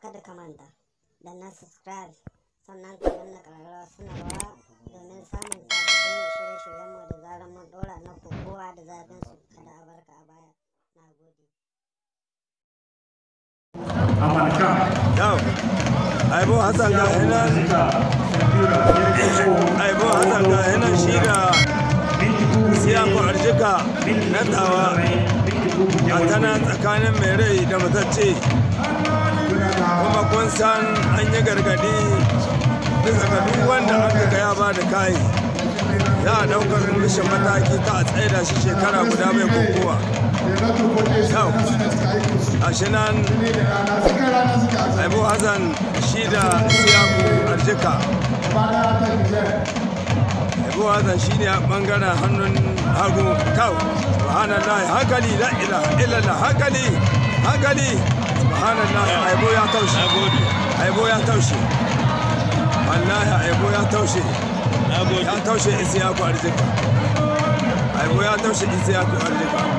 kuma ka manta da na subscribe sannan ka danna ƙararrawa sanarwa domin samun sababbin shirye-shiryenmu da zarar mun na kowa da su kada a baya na gode Aibo Hassan ga hinan Aibo Hassan ga hinan shi da siyaku arjika na tawa a tana tsakanin mai rai da matacce kun san an yi gargadi bisa ga duk wanda aka ga ya ba da kayi za a ɗaukar rushin mataki ta a tsaye da shi shekara guda mai kokowa a shi nan aibu hassan shi da siyaku arjika aibu hassan shi ne a ɓangaren hannun hagu kau subhanallah hankali la ila illallah hankali hankali subhanallah ya taushe aibo ya taushe wallahi aibo ya taushe ya taushe isiyaku arzika aibo ya taushe isiyaku arzika